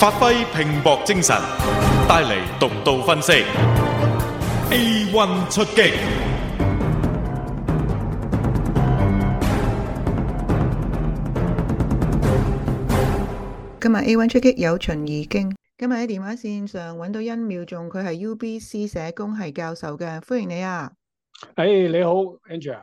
發揮拼搏精神，帶嚟獨到分析。A one 出擊，今日 A one 出擊有秦怡經。今日喺電話線上揾到殷妙仲，佢係 UBC 社工系教授嘅，歡迎你啊！誒、哎，你好，Angela。Andrew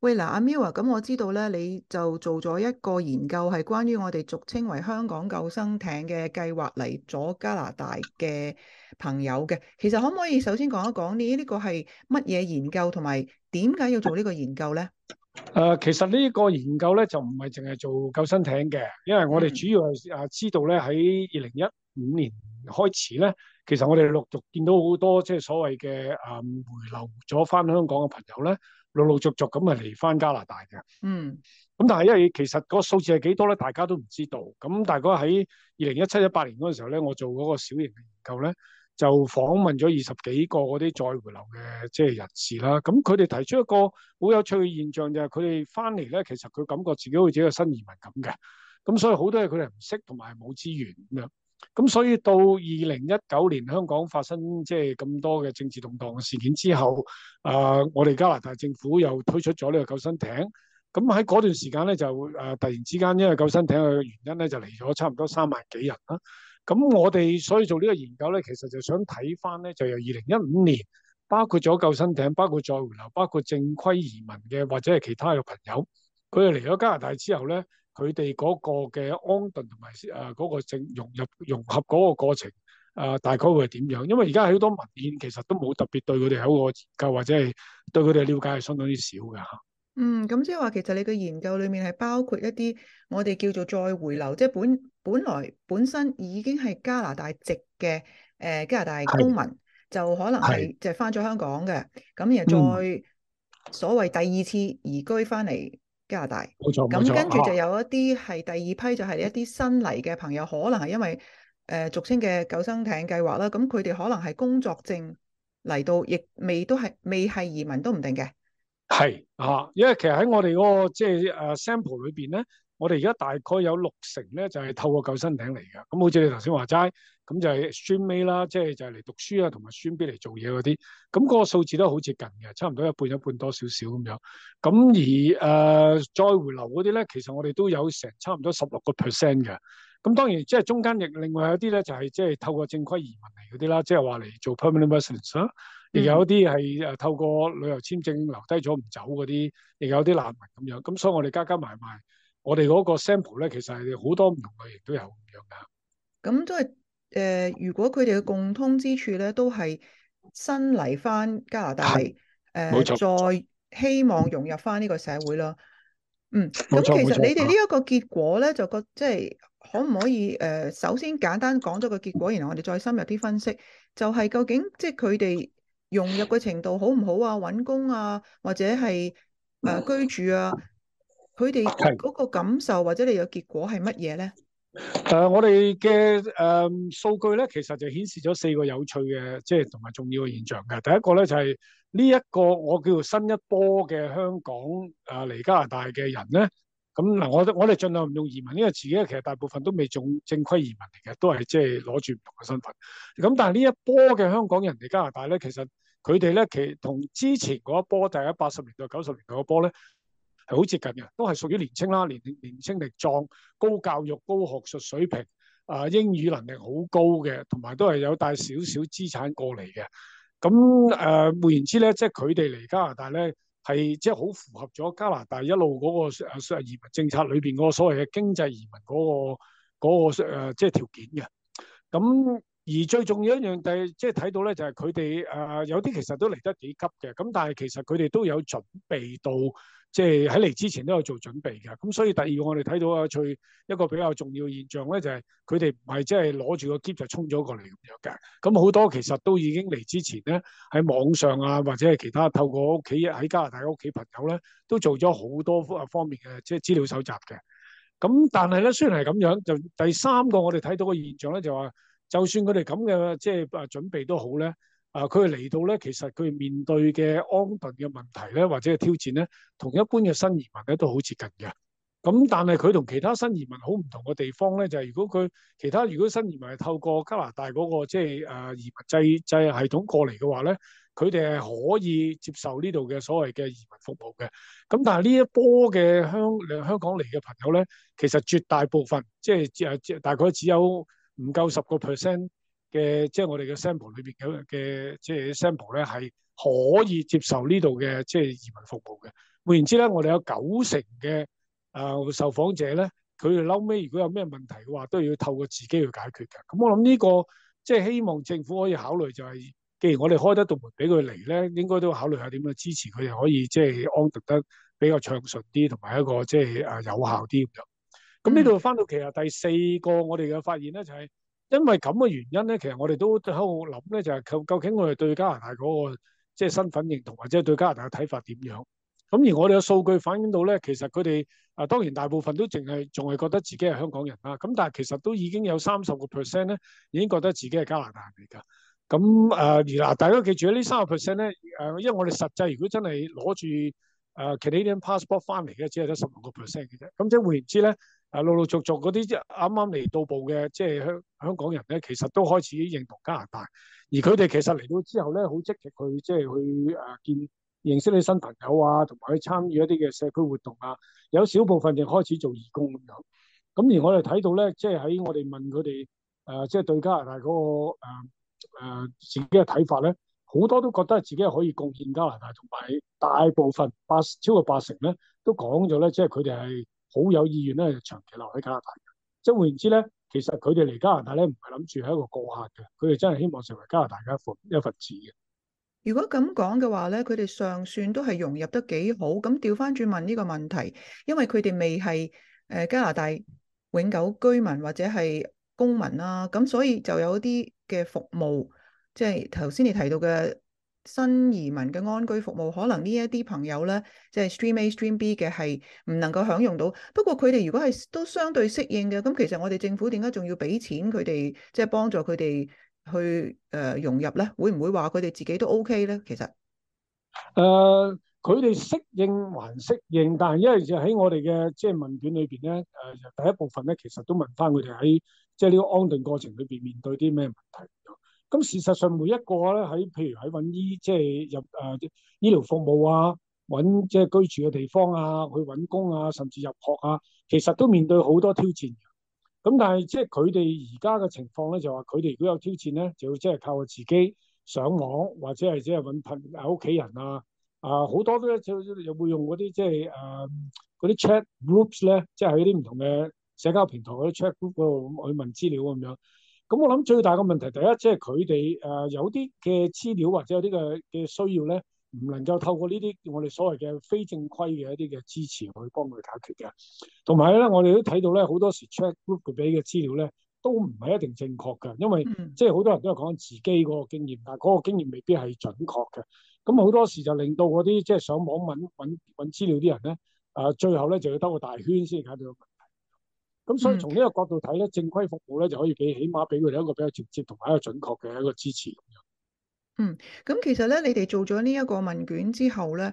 喂，嗱、啊，阿 Mia，咁我知道咧，你就做咗一個研究，係關於我哋俗稱為香港救生艇嘅計劃嚟咗加拿大嘅朋友嘅。其實可唔可以首先講一講呢？呢個係乜嘢研究，同埋點解要做呢個研究咧？誒，其實呢個研究咧就唔係淨係做救生艇嘅，因為我哋主要係啊知道咧喺二零一五年開始咧，其實我哋陸續見到好多即係所謂嘅啊回流咗返香港嘅朋友咧。陸陸續續咁啊嚟翻加拿大嘅，嗯，咁但係因為其實嗰個數字係幾多咧，大家都唔知道。咁大概喺二零一七一八年嗰個時候咧，我做嗰個小型嘅研究咧，就訪問咗二十幾個嗰啲再回流嘅即係人士啦。咁佢哋提出一個好有趣嘅現象就係佢哋翻嚟咧，其實佢感覺自己好似一個新移民咁嘅。咁所以好多嘢佢哋唔識，同埋冇資源咁樣。咁所以到二零一九年香港發生即係咁多嘅政治動盪事件之後，誒、呃，我哋加拿大政府又推出咗呢個救生艇。咁喺嗰段時間咧，就誒突然之間因為救生艇嘅原因咧，就嚟咗差唔多三萬幾人啦。咁我哋所以做呢個研究咧，其實就想睇翻咧，就由二零一五年，包括咗救生艇，包括再回流，包括正規移民嘅或者係其他嘅朋友，佢哋嚟咗加拿大之後咧。佢哋嗰個嘅安頓同埋誒嗰個正融入融合嗰個過程，誒大概會係點樣？因為而家好多文獻其實都冇特別對佢哋喺嗰個研究，或者係對佢哋嘅了解係相當之少㗎吓。嗯，咁即係話其實你嘅研究裡面係包括一啲我哋叫做再回流，即係本本來本身已經係加拿大籍嘅誒、呃、加拿大公民，是就可能係即係翻咗香港嘅，咁然後再、嗯、所謂第二次移居翻嚟加拿大，冇錯，咁跟住就有一啲係第二批，就係一啲新嚟嘅朋友，啊、可能係因為誒、呃、俗稱嘅救生艇計劃啦。咁佢哋可能係工作證嚟到，亦未都係未係移民都唔定嘅。係啊，因為其實喺我哋嗰、那個即係誒 sample 裏邊咧，我哋而家大概有六成咧就係、是、透過救生艇嚟嘅。咁好似你頭先話齋。咁就係宣尾啦，即係就係嚟讀書啊，同埋宣啲嚟做嘢嗰啲。咁、那、嗰個數字都好接近嘅，差唔多一半一半多少少咁樣。咁而誒、呃、再回流嗰啲咧，其實我哋都有成差唔多十六個 percent 嘅。咁當然即係、就是、中間亦另外有啲咧，就係即係透過正規移民嚟嗰啲啦，即係話嚟做 permanent residence 啊、嗯。亦有啲係誒透過旅遊簽證留低咗唔走嗰啲，亦有啲難民咁樣。咁所以我哋加加埋埋，我哋嗰個 sample 咧，其實係好多唔同類型都有咁樣㗎。咁都係。誒、呃，如果佢哋嘅共通之處咧，都係新嚟翻加拿大，誒、呃，冇錯再希望融入翻呢個社會啦。嗯，咁冇錯其實你哋呢一個結果咧，冇錯就覺即係可唔可以誒、呃，首先簡單講咗個結果，然後我哋再深入啲分析，就係、是、究竟即係佢哋融入嘅程度好唔好啊？揾工啊，或者係誒、呃、居住啊，佢哋嗰個感受或者你嘅結果係乜嘢咧？誒、呃，我哋嘅誒數據咧，其實就顯示咗四個有趣嘅，即係同埋重要嘅現象嘅。第一個咧就係呢一個我叫做新一波嘅香港啊嚟、呃、加拿大嘅人咧，咁嗱，我我哋盡量唔用移民呢個詞，因為自己咧其實大部分都未做正規移民嚟嘅，都係即係攞住唔同嘅身份。咁但係呢一波嘅香港人嚟加拿大咧，其實佢哋咧其同之前嗰一波大約八十年代、九十年代嘅波咧，係好接近嘅，都係屬於年青啦，年年青力壯，高教育、高學術水平，啊，英語能力好高嘅，同埋都係有帶少少資產過嚟嘅。咁誒，換言之咧，即係佢哋嚟加拿大咧，係即係好符合咗加拿大一路嗰個誒移民政策裏邊嗰個所謂嘅經濟移民嗰個嗰個誒即係條件嘅。咁而最重要一樣就係即係睇到咧，就係佢哋誒有啲其實都嚟得幾急嘅。咁但係其實佢哋都有準備到。即係喺嚟之前都有做準備嘅，咁所以第二個我哋睇到啊，最一個比較重要現象咧，就係佢哋唔係即係攞住個 key 就衝咗過嚟咁樣嘅。咁好多其實都已經嚟之前咧喺網上啊，或者係其他透過屋企喺加拿大屋企朋友咧，都做咗好多方方面嘅即係資料搜集嘅。咁但係咧，雖然係咁樣，就第三個我哋睇到嘅現象咧，就話就算佢哋咁嘅即係啊準備都好咧。啊！佢嚟到咧，其實佢面對嘅安頓嘅問題咧，或者係挑戰咧，同一般嘅新移民咧都好接近嘅。咁但係佢同其他新移民好唔同嘅地方咧，就係如果佢其他如果新移民係透過加拿大嗰個即係誒移民制制系統過嚟嘅話咧，佢哋係可以接受呢度嘅所謂嘅移民服務嘅。咁但係呢一波嘅香香港嚟嘅朋友咧，其實絕大部分即係誒大概只有唔夠十個 percent。嘅即係我哋嘅 sample 裏邊嘅嘅即係 sample 咧，係、就是、可以接受呢度嘅即係移民服務嘅。換言之咧，我哋有九成嘅啊、呃、受訪者咧，佢哋後尾如果有咩問題嘅話，都要透過自己去解決嘅。咁我諗呢、這個即係、就是、希望政府可以考慮、就是，就係既然我哋開得到門俾佢嚟咧，應該都考慮下點樣支持佢哋可以即係安頓得,得比較暢順啲，同埋一個即係啊有效啲咁樣。咁呢度翻到其實第四個我哋嘅發現咧，就係、是。因為咁嘅原因咧，其實我哋都喺度諗咧，就係、是、究究竟我哋對加拿大嗰、那個即係、就是、身份認同，或者對加拿大嘅睇法點樣？咁而我哋嘅數據反映到咧，其實佢哋啊，當然大部分都淨係仲係覺得自己係香港人啦。咁但係其實都已經有三十個 percent 咧，已經覺得自己係加拿大嚟噶。咁誒而嗱，大家記住呢三十 percent 咧，誒、呃，因為我哋實際如果真係攞住誒、呃、Canadian passport 翻嚟嘅，只係得十六個 percent 嘅啫。咁即係換言之咧，啊，陸陸續續嗰啲即係啱啱嚟到步嘅，即係香香港人咧，其實都開始認同加拿大。而佢哋其實嚟到之後咧，好積極去即係去誒見認識啲新朋友啊，同埋去參與一啲嘅社區活動啊。有少部分就開始做義工咁樣。咁而我哋睇到咧，即係喺我哋問佢哋誒，即係對加拿大嗰、那個誒、呃呃、自己嘅睇法咧，好多都覺得自己可以貢獻加拿大，同埋大部分八超過八成咧都講咗咧，即係佢哋係，好有意願咧，長期留喺加拿大。即換言之咧，其實佢哋嚟加拿大咧唔係諗住係一個過客嘅，佢哋真係希望成為加拿大嘅一份一份子嘅。如果咁講嘅話咧，佢哋尚算都係融入得幾好。咁調翻轉問呢個問題，因為佢哋未係誒加拿大永久居民或者係公民啦、啊，咁所以就有一啲嘅服務，即係頭先你提到嘅。新移民嘅安居服務，可能呢一啲朋友咧，即係 Stream A、Stream B 嘅，係唔能夠享用到。不過佢哋如果係都相對適應嘅，咁其實我哋政府點解仲要俾錢佢哋，即係幫助佢哋去誒融入咧？會唔會話佢哋自己都 OK 咧？其實誒，佢哋適應還適應，但係因為就喺我哋嘅即係問卷裏邊咧，誒第一部分咧，其實都問翻佢哋喺即係呢個安定過程裏邊面對啲咩問題。咁事實上，每一個咧喺譬如喺揾醫，即係入誒醫療服務啊，揾即係居住嘅地方啊，去揾工啊，甚至入學啊，其實都面對好多挑戰。咁但係即係佢哋而家嘅情況咧，就話佢哋如果有挑戰咧，就要即係靠自己上網，或者係即係揾朋啊屋企人啊。啊，好多都又會用嗰啲即係誒嗰啲 chat groups 咧，即係喺啲唔同嘅社交平台嗰啲 chat group 嗰度去問資料咁樣。咁我諗最大嘅問題，第一即係佢哋誒有啲嘅資料或者有啲嘅嘅需要咧，唔能夠透過呢啲我哋所謂嘅非正規嘅一啲嘅支持去幫佢解決嘅。同埋咧，我哋都睇到咧，好多時 chat group 佢俾嘅資料咧，都唔係一定正確嘅，因為即係好多人都係講緊自己嗰個經驗，但係嗰個經驗未必係準確嘅。咁好多時就令到嗰啲即係上網揾揾揾資料啲人咧，啊最後咧就要兜個大圈先搞到。咁所以從呢個角度睇咧，正規服務咧就可以俾起碼俾佢哋一個比較直接同埋一個準確嘅一個支持咁樣。嗯，咁其實咧，你哋做咗呢一個問卷之後咧，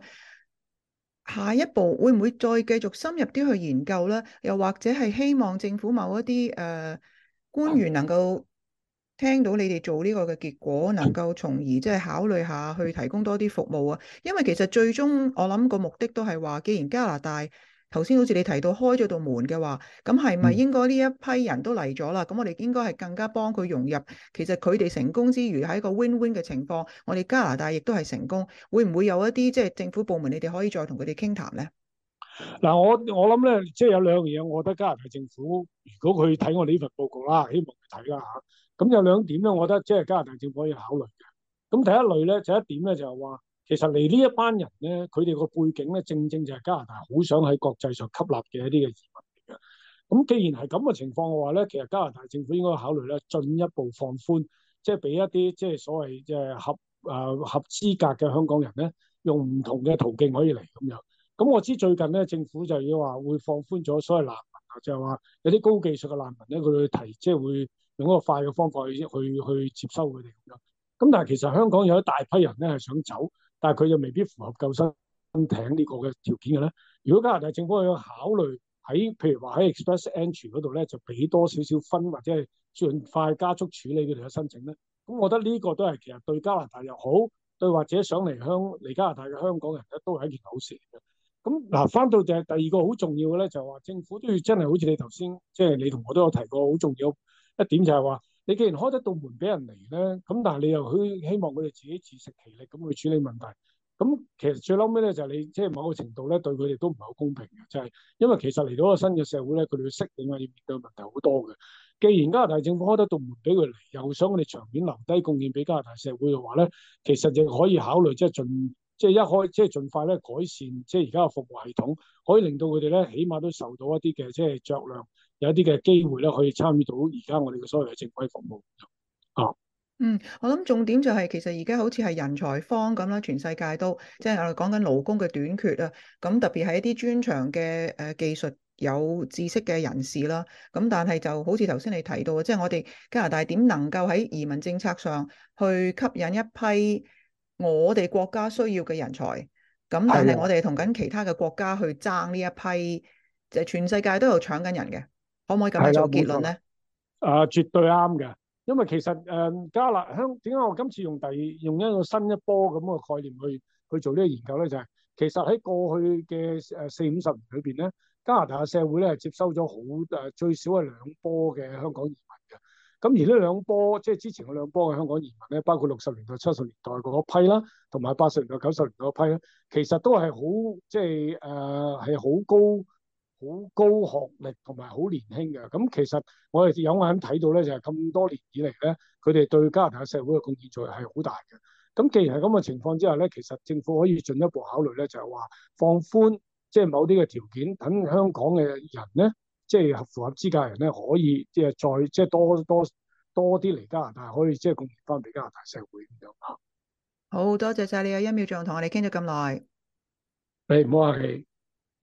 下一步會唔會再繼續深入啲去研究咧？又或者係希望政府某一啲誒、呃、官員能夠聽到你哋做呢個嘅結果，嗯、能夠從而即係考慮下去提供多啲服務啊？因為其實最終我諗個目的都係話，既然加拿大。頭先好似你提到開咗道門嘅話，咁係咪應該呢一批人都嚟咗啦？咁我哋應該係更加幫佢融入。其實佢哋成功之餘，喺一個 win win 嘅情況，我哋加拿大亦都係成功。會唔會有一啲即係政府部門，你哋可以再同佢哋傾談咧？嗱，我我諗咧，即係有兩樣嘢，我覺得加拿大政府如果佢睇我哋呢份報告啦，希望睇啦嚇。咁有兩點咧，我覺得即係加拿大政府可以考慮嘅。咁第一類咧，就一點咧，就係話。其實嚟呢一班人咧，佢哋個背景咧，正正就係加拿大好想喺國際上吸納嘅一啲嘅移民嚟嘅。咁既然係咁嘅情況嘅話咧，其實加拿大政府應該考慮咧，進一步放寬，即係俾一啲即係所謂嘅合啊合資格嘅香港人咧，用唔同嘅途徑可以嚟咁樣。咁我知最近咧，政府就要話會放寬咗所謂難民啊，就係話有啲高技術嘅難民咧，佢會提即係會用一個快嘅方法去去去接收佢哋咁樣。咁但係其實香港有一大批人咧係想走，但係佢又未必符合救生艇個呢個嘅條件嘅咧。如果加拿大政府要考慮，喺譬如話喺 Express Entry 嗰度咧，就俾多少少分或者係盡快加速處理佢哋嘅申請咧，咁我覺得呢個都係其實對加拿大又好，對或者想嚟香嚟加拿大嘅香港人咧都係一件好事嚟嘅。咁嗱，翻到第第二個好重要嘅咧，就話、是、政府都要真係好似你頭先，即、就、係、是、你同我都有提過好重要一點就，就係話。你既然開得道門俾人嚟咧，咁但係你又希希望佢哋自己自食其力咁去處理問題，咁其實最嬲尾咧就係你即係、就是、某個程度咧對佢哋都唔係好公平嘅，就係、是、因為其實嚟到一個新嘅社會咧，佢哋要適應啊，要面對問題好多嘅。既然加拿大政府開得道門俾佢嚟，又想佢哋長遠留低貢獻俾加拿大社會嘅話咧，其實亦可以考慮即係盡即係一開即係盡快咧改善即係而家嘅服務系統，可以令到佢哋咧起碼都受到一啲嘅即係著量。有啲嘅機會咧，可以參與到而家我哋嘅所謂嘅正規服務啊。嗯，我諗重點就係其實而家好似係人才荒咁啦，全世界都即係我哋講緊勞工嘅短缺啊。咁特別係一啲專長嘅誒技術有知識嘅人士啦。咁但係就好似頭先你提到嘅，即係我哋加拿大點能夠喺移民政策上去吸引一批我哋國家需要嘅人才？咁但係我哋同緊其他嘅國家去爭呢一批，就全世界都有搶緊人嘅。可唔可以咁嚟做結論咧？誒、啊，絕對啱嘅，因為其實誒加拿大香港點解我今次用第二用一個新一波咁嘅概念去去做呢個研究咧？就係、是、其實喺過去嘅誒四五十年裏邊咧，加拿大嘅社會咧係接收咗好誒最少係兩波嘅香港移民嘅。咁而呢兩波即係之前嘅兩波嘅香港移民咧，包括六十年，年代、七十年，年代嗰批啦，同埋八十年代、九十年代嗰批咧，其實都係好即係誒係好高。好高學歷同埋好年輕嘅，咁其實我哋有眼睇到咧，就係、是、咁多年以嚟咧，佢哋對加拿大社會嘅貢獻作用係好大嘅。咁既然係咁嘅情況之下咧，其實政府可以進一步考慮咧，就係、是、話放寬即係、就是、某啲嘅條件，等香港嘅人咧，即係合符合資格人咧，可以即係再即係、就是、多多多啲嚟加拿大，可以即係貢獻翻俾加拿大社會咁樣。好多謝晒你啊，殷妙仲，同我哋傾咗咁耐。你唔好客氣。